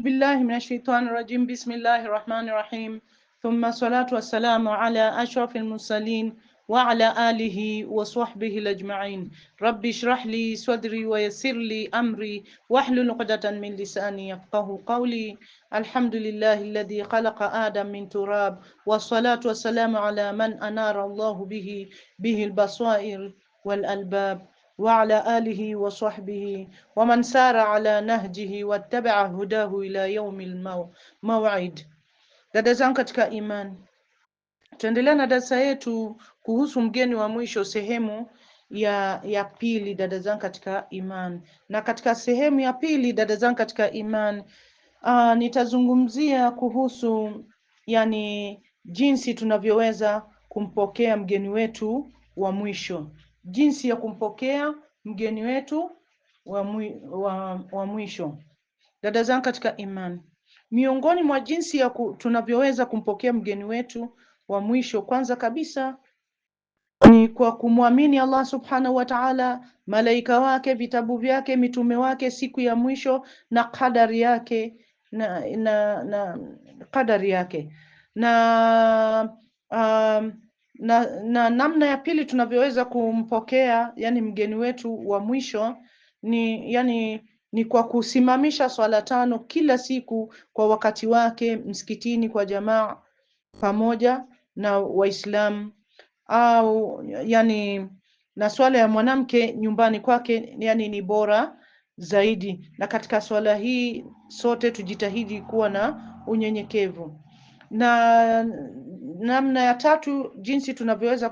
بالله من الشيطان الرجيم بسم الله الرحمن الرحيم ثم الصلاة والسلام على أشرف المرسلين وعلى آله وصحبه الأجمعين رب اشرح لي صدري ويسر لي أمري واحلل عقدة من لساني يفقه قولي الحمد لله الذي خلق آدم من تراب والصلاة والسلام على من أنار الله به به البصائر والألباب وعلى آله وصحبه ومن سار على nahjihi واتبع hudahu ila يوم الموعد Dada zangu katika إيمان تندلنا na سايتو yetu kuhusu mgeni wa mwisho sehemu ya ya pili, dada zangu katika imani. Na katika sehemu ya pili, dada zangu katika imani, uh, ah, nitazungumzia kuhusu yani jinsi tunavyoweza kumpokea mgeni wetu wa mwisho jinsi ya kumpokea mgeni wetu wa, wa, wa mwisho. Dada zangu katika imani, miongoni mwa jinsi ya ku, tunavyoweza kumpokea mgeni wetu wa mwisho, kwanza kabisa ni kwa kumwamini Allah subhanahu wa ta'ala, malaika wake, vitabu vyake, mitume wake, siku ya mwisho na kadari yake na, na, na kadari yake na um, na, na namna ya pili tunavyoweza kumpokea yani mgeni wetu wa mwisho ni yani ni kwa kusimamisha swala tano kila siku kwa wakati wake msikitini kwa jamaa pamoja na Waislamu au yani, na swala ya mwanamke nyumbani kwake yani ni bora zaidi, na katika swala hii sote tujitahidi kuwa na unyenyekevu na Namna ya tatu jinsi tunavyoweza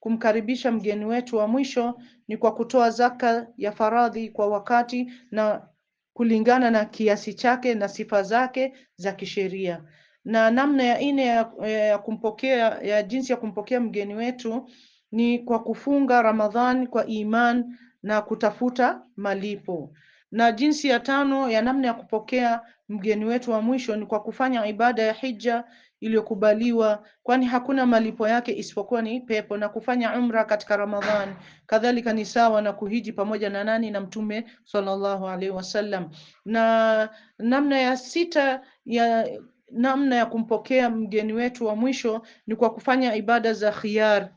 kumkaribisha mgeni wetu wa mwisho ni kwa kutoa zaka ya faradhi kwa wakati na kulingana na kiasi chake na sifa zake za kisheria. Na namna ya nne ya, ya kumpokea ya jinsi ya kumpokea mgeni wetu ni kwa kufunga Ramadhan kwa iman na kutafuta malipo. Na jinsi ya tano ya namna ya kupokea mgeni wetu wa mwisho ni kwa kufanya ibada ya hija iliyokubaliwa, kwani hakuna malipo yake isipokuwa ni pepo, na kufanya umra katika Ramadhani kadhalika ni sawa na kuhiji pamoja na nani na Mtume sallallahu alaihi wasallam. Na namna ya sita ya namna ya kumpokea mgeni wetu wa mwisho ni kwa kufanya ibada za khiyar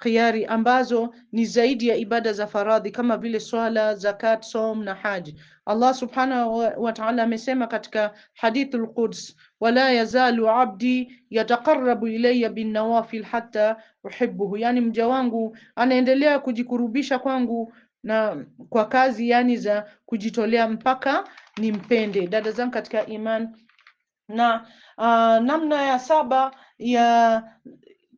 khiari ambazo ni zaidi ya ibada za faradhi kama vile swala, zakat, som na haji. Allah subhanahu wa ta'ala amesema katika hadithul Quds, wala yazalu abdi yataqarrabu ilayya bin nawafil hatta uhibbuhu, yani mja wangu anaendelea kujikurubisha kwangu na kwa kazi yani za kujitolea mpaka nimpende. Dada zangu katika iman na uh, namna ya saba ya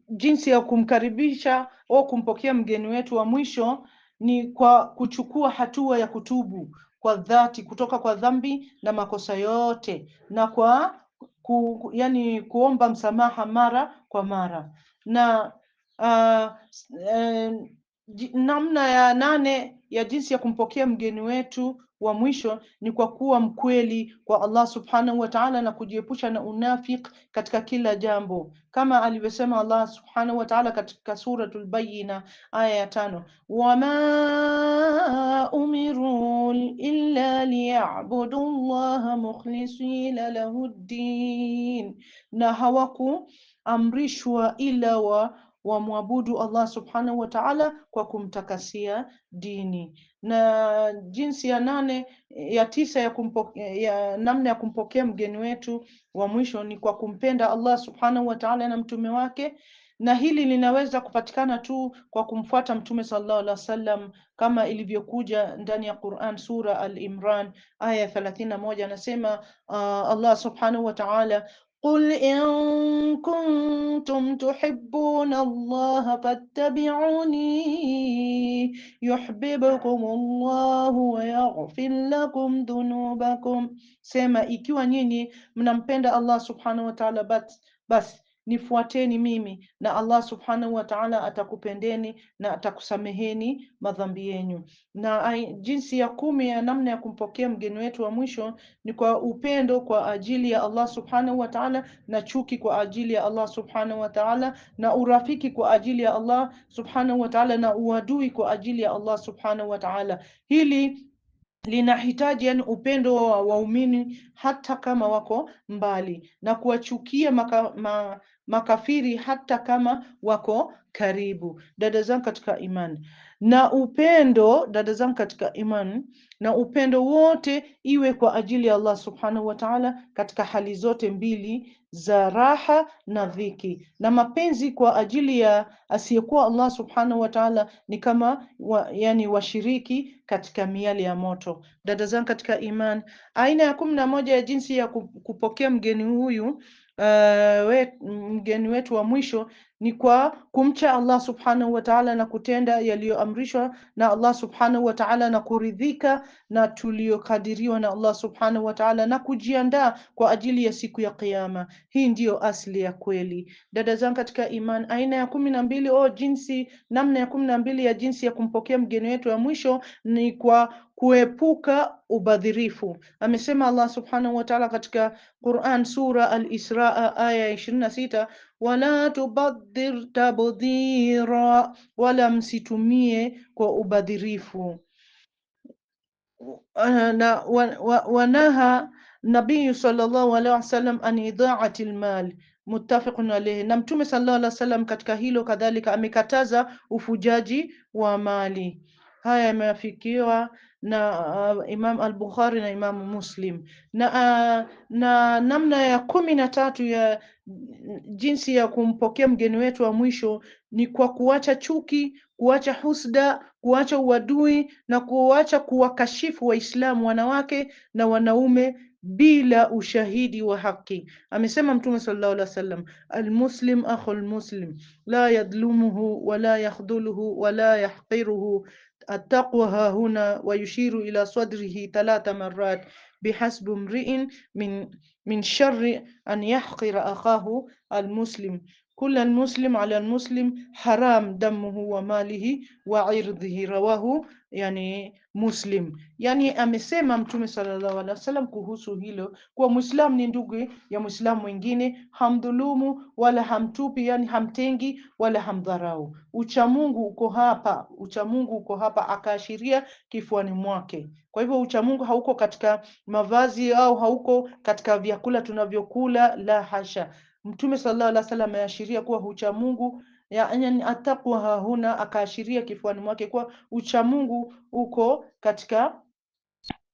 jinsi ya kumkaribisha au kumpokea mgeni wetu wa mwisho ni kwa kuchukua hatua ya kutubu kwa dhati kutoka kwa dhambi na makosa yote na kwa ku, yani kuomba msamaha mara kwa mara na uh, eh, namna ya nane ya jinsi ya kumpokea mgeni wetu wa mwisho ni kwa kuwa mkweli kwa Allah subhanahu wa ta'ala na kujiepusha na unafik katika kila jambo, kama alivyosema Allah subhanahu wa ta'ala katika Suratul Bayina aya ya tano, wama umiru illa liyabudu llaha mukhlisina lahu ddin, na hawakuamrishwa ila wa wamwabudu Allah subhanahu wa ta'ala kwa kumtakasia dini. Na jinsi ya nane ya tisa ya, ya namna ya kumpokea mgeni wetu wa mwisho ni kwa kumpenda Allah subhanahu wa ta'ala na mtume wake na hili linaweza kupatikana tu kwa kumfuata Mtume sallallahu alaihi wasallam kama ilivyokuja ndani ya Quran sura Al-Imran aya thelathini na moja anasema uh, Allah subhanahu wa ta'ala قل إن كنتم تحبون الله فاتبعوني يحببكم الله ويغفر لكم ذنوبكم سيما إكيوانيني من أمبند الله سبحانه وتعالى بس بس nifuateni mimi na Allah subhanahu wa ta'ala atakupendeni na atakusameheni madhambi yenu. Na jinsi ya kumi ya namna ya kumpokea mgeni wetu wa mwisho ni kwa upendo kwa ajili ya Allah subhanahu wa ta'ala, na chuki kwa ajili ya Allah subhanahu wa ta'ala, na urafiki kwa ajili ya Allah subhanahu wa ta'ala, na uadui kwa ajili ya Allah subhanahu wa ta'ala. Hili linahitaji yani upendo wa waumini hata kama wako mbali, na kuwachukia maka, ma, makafiri hata kama wako karibu. Dada zangu katika imani na upendo, dada zangu katika imani na upendo wote iwe kwa ajili ya Allah subhanahu wa ta'ala, katika hali zote mbili za raha na dhiki, na mapenzi kwa ajili ya asiyekuwa Allah subhanahu wa ta'ala ni kama wa, yani washiriki katika miali ya moto. Dada zangu katika imani, aina ya kumi na moja ya jinsi ya kupokea mgeni huyu uh, we, mgeni wetu wa mwisho ni kwa kumcha Allah subhanahu wa ta'ala na kutenda yaliyoamrishwa na Allah subhanahu wa ta'ala na kuridhika na tuliyokadiriwa na Allah subhanahu wa ta'ala na kujiandaa kwa ajili ya siku ya Kiyama. Hii ndiyo asili ya kweli, dada zangu katika iman. Aina ya kumi na mbili o oh, jinsi, namna ya kumi na mbili ya jinsi ya kumpokea mgeni wetu wa mwisho ni kwa kuepuka ubadhirifu. Amesema Allah subhanahu wa ta'ala katika Quran sura al isra aya ya ishirini na sita wala tubadhir tabdhira, wala msitumie kwa ubadhirifu. Na wanaha nabiyu sallallahu alaihi wasallam an idaati lmal muttafaqun alayhi. Na Mtume sallallahu alaihi wasallam katika hilo kadhalika amekataza ufujaji wa mali. Haya yameafikiwa na uh, Imam al-Bukhari na Imamu Muslim na, uh, na namna ya kumi na tatu ya jinsi ya kumpokea mgeni wetu wa mwisho ni kwa kuacha chuki, kuacha husda, kuacha uadui na kuacha kuwakashifu Waislamu wanawake na wanaume bila ushahidi wa haki. Amesema Mtume sallallahu alaihi wasallam, almuslim akhu almuslim la yadlumuhu wala yakhdhuluhu wala yahqiruhu attaqwa hahuna wa yushiru ila sadrihi thalatha marrat bihasbu mri'in min min sharri an yahqira akahu almuslim kula almuslim ala almuslim haram damuhu wa malihi wa irdhihi rawahu yani Muslim. Yani amesema Mtume sallallahu alaihi wasallam kuhusu hilo kuwa Muislamu ni ndugu ya mwislamu mwingine, hamdhulumu wala hamtupi, yani hamtengi wala hamdharau. Uchamungu uko hapa, uchamungu uko hapa, akaashiria kifuani mwake. Kwa hivyo uchamungu hauko katika mavazi au hauko katika vyakula tunavyokula, la hasha. Mtume sallallahu alaihi wasallam ameashiria kuwa ucha Mungu yani atakwa hahuna, akaashiria kifuani mwake kuwa ucha Mungu uko katika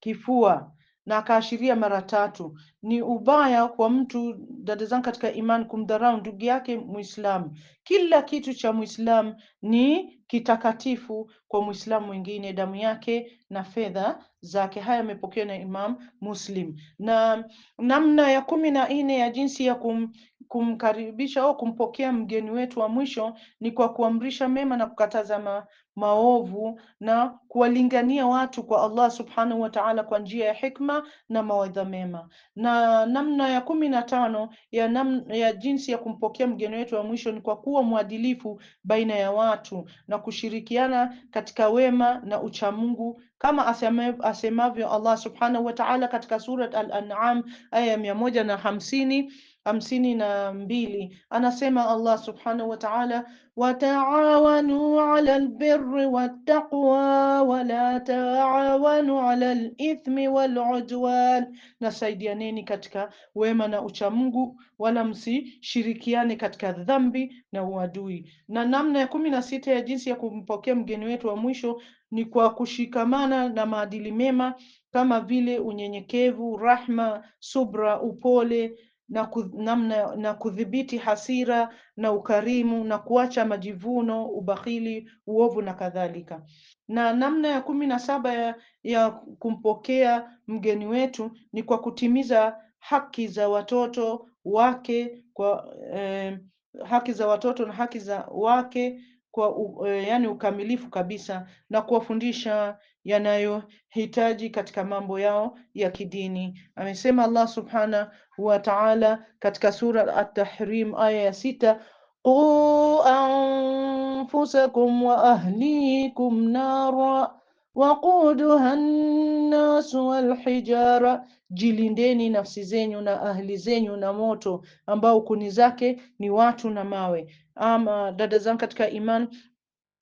kifua na akaashiria mara tatu. Ni ubaya kwa mtu, dada zangu katika iman kumdharau ndugu yake Muislamu. Kila kitu cha Muislamu ni kitakatifu kwa Muislamu mwingine, damu yake na fedha zake. Haya yamepokewa na Imam Muslim. Na namna ya kumi na nne ya jinsi ya kum kumkaribisha au kumpokea mgeni wetu wa mwisho ni kwa kuamrisha mema na kukataza ma, maovu na kuwalingania watu kwa Allah subhanahu wa ta'ala kwa njia ya hikma na mawaidha mema. Na namna ya kumi na tano ya, nam, ya jinsi ya kumpokea mgeni wetu wa mwisho ni kwa kuwa mwadilifu baina ya watu na kushirikiana katika wema na uchamungu kama asemavyo Allah subhanahu wa ta'ala katika Surat Al-An'am aya ya mia moja na hamsini hamsini na mbili anasema Allah subhanahu wa ta'ala, wataawanu ala albirri wattaqwa wala taawanu ala lithmi waludwan, nasaidianeni katika wema na uchamungu, wala msishirikiane katika dhambi na uadui. Na namna ya kumi na sita ya jinsi ya kumpokea mgeni wetu wa mwisho ni kwa kushikamana na maadili mema kama vile unyenyekevu, rahma, subra, upole na, na, na kudhibiti hasira na ukarimu na kuacha majivuno, ubakhili, uovu na kadhalika. Na namna ya kumi na saba ya, ya kumpokea mgeni wetu ni kwa kutimiza haki za watoto wake kwa eh, haki za watoto na haki za wake kwa u, eh, yani ukamilifu kabisa na kuwafundisha yanayohitaji katika mambo yao ya kidini. Amesema Allah subhanahu wa ta'ala katika sura At-Tahrim aya ya sita, qu anfusakum wa ahlikum nara waquduha nnasu walhijara, jilindeni nafsi zenyu na ahli zenyu na moto ambao kuni zake ni watu na mawe. Ama dada zangu katika iman,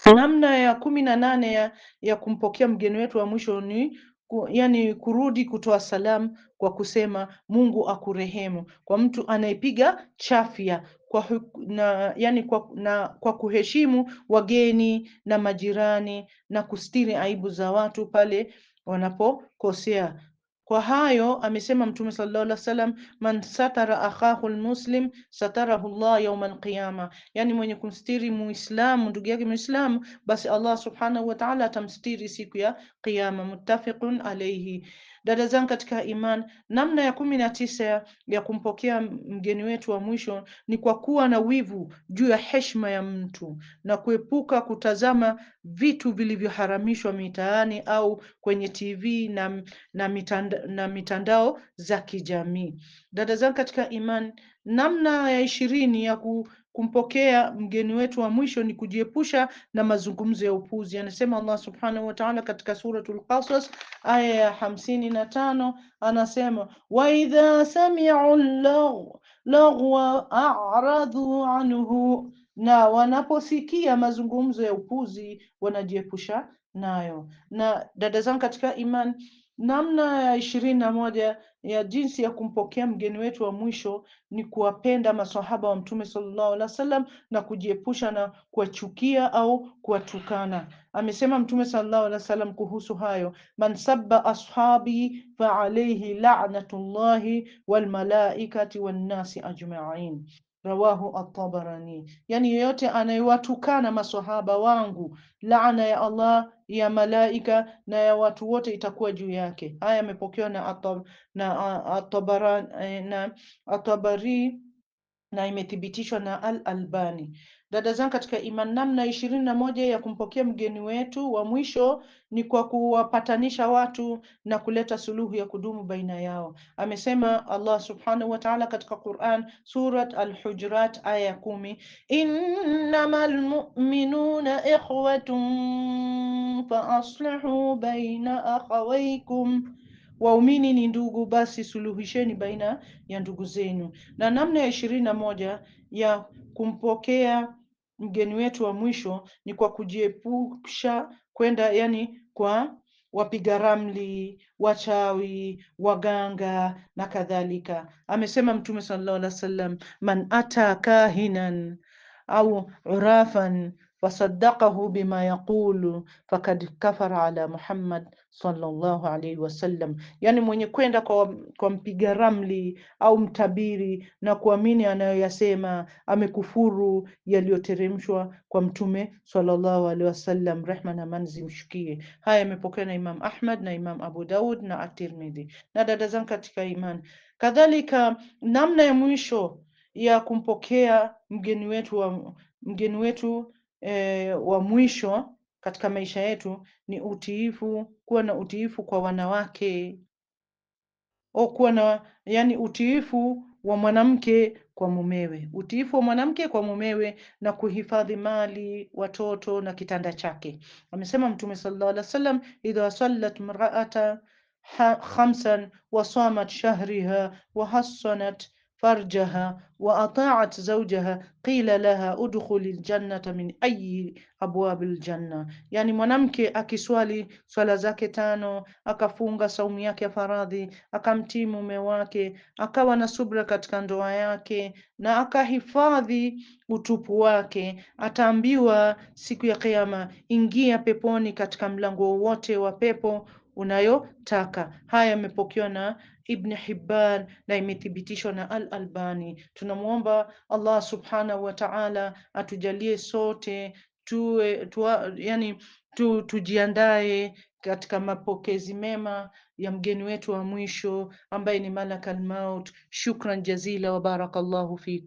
hmm. namna ya kumi na nane ya, ya kumpokea mgeni wetu wa mwisho ni ku, yani kurudi kutoa salamu kwa kusema Mungu akurehemu kwa mtu anayepiga chafya kwa, na, yani kwa, na, kwa kuheshimu wageni na majirani na kustiri aibu za watu pale wanapokosea. Kwa hayo amesema Mtume sallallahu alaihi wasallam, man satara akhahu almuslim satarahu Allah yawm alqiyama, yani mwenye kumstiri muislamu ndugu yake muislamu basi Allah subhanahu wa ta'ala atamstiri siku ya qiyama Muttafaqun alayhi. Dada zangu katika iman, namna ya kumi na tisa ya kumpokea mgeni wetu wa mwisho ni kwa kuwa na wivu juu ya heshima ya mtu na kuepuka kutazama vitu vilivyoharamishwa mitaani au kwenye TV na, na, mitanda, na mitandao za kijamii. Dada zangu katika iman, namna ya ishirini ya ku kumpokea mgeni wetu wa mwisho ni kujiepusha na mazungumzo ya upuzi. Anasema Allah subhanahu wa ta'ala katika Suratul Qasas aya ya hamsini na tano anasema idha samiu lagh laghwa a'radhu anhu, na wanaposikia mazungumzo ya upuzi wanajiepusha nayo. Na dada zangu katika iman Namna ya ishirini na moja ya jinsi ya kumpokea mgeni wetu wa mwisho ni kuwapenda masahaba wa Mtume sallallahu alaihi wasallam na kujiepusha na kuwachukia au kuwatukana. Amesema Mtume sallallahu alaihi wasallam kuhusu hayo, man sabba ashabi fa alayhi la'natullahi walmalaikati wannasi ajma'in, Rawahu at-Tabarani. Yani yeyote anayewatukana maswahaba wangu, laana ya Allah ya malaika na ya watu wote itakuwa juu yake. Haya yamepokewa na uh, eh, at-Tabari na imethibitishwa na Al Albani. Dada zangu katika iman, namna ishirini na moja ya kumpokea mgeni wetu wa mwisho ni kwa kuwapatanisha watu na kuleta suluhu ya kudumu baina yao. Amesema Allah subhanahu wa ta'ala katika Quran Surat Al-Hujurat aya ya kumi, innamal mu'minuna ikhwatun faaslihu baina akhawaykum Waumini ni ndugu, basi suluhisheni baina ya ndugu zenu. Na namna ya ishirini na moja ya kumpokea mgeni wetu wa mwisho ni kwa kujiepusha kwenda, yani kwa wapiga ramli, wachawi, waganga na kadhalika. Amesema Mtume sallallahu alaihi wasallam, man ata kahinan au urafan wasadaqahu bima yaqulu fakad kafara ala Muhammad sallallahu alaihi wasallam, yani mwenye kwenda kwa, kwa mpiga ramli au mtabiri na kuamini anayoyasema amekufuru yaliyoteremshwa kwa Mtume sallallahu alaihi wasallam, rehma na amani zimshukie. Haya yamepokewa na Imam Ahmad na Imam Abu Daud na At-Tirmidhi. Na dada zangu katika imani, kadhalika namna ya mwisho ya kumpokea mgeni wetu wa mgeni wetu e, wa mwisho katika maisha yetu ni utiifu, kuwa na utiifu kwa wanawake o, kuwa na yani utiifu wa mwanamke kwa mumewe, utiifu wa mwanamke kwa mumewe na kuhifadhi mali, watoto na kitanda chake. Amesema Mtume sallallahu alaihi wasallam, idha sallat mar'ata khamsan wasamat shahriha wa فرجها وأطاعت زوجها qila laha udkhuli ljannata min ayi abwabi ljanna, yani mwanamke akiswali swala zake tano akafunga saumu yake ya faradhi akamtii mume wake akawa na subra katika ndoa yake na akahifadhi utupu wake, ataambiwa siku ya Kiyama, ingia peponi katika mlango wowote wa pepo unayotaka. Haya yamepokewa na Ibn Hibban na imethibitishwa na Al Albani. Tunamwomba Allah subhanahu wa ta'ala atujalie sote tuwe tuwa, yani tu, tujiandae katika mapokezi mema ya mgeni wetu wa mwisho ambaye ni malakal maut. Shukran jazila wa barakallahu fikum.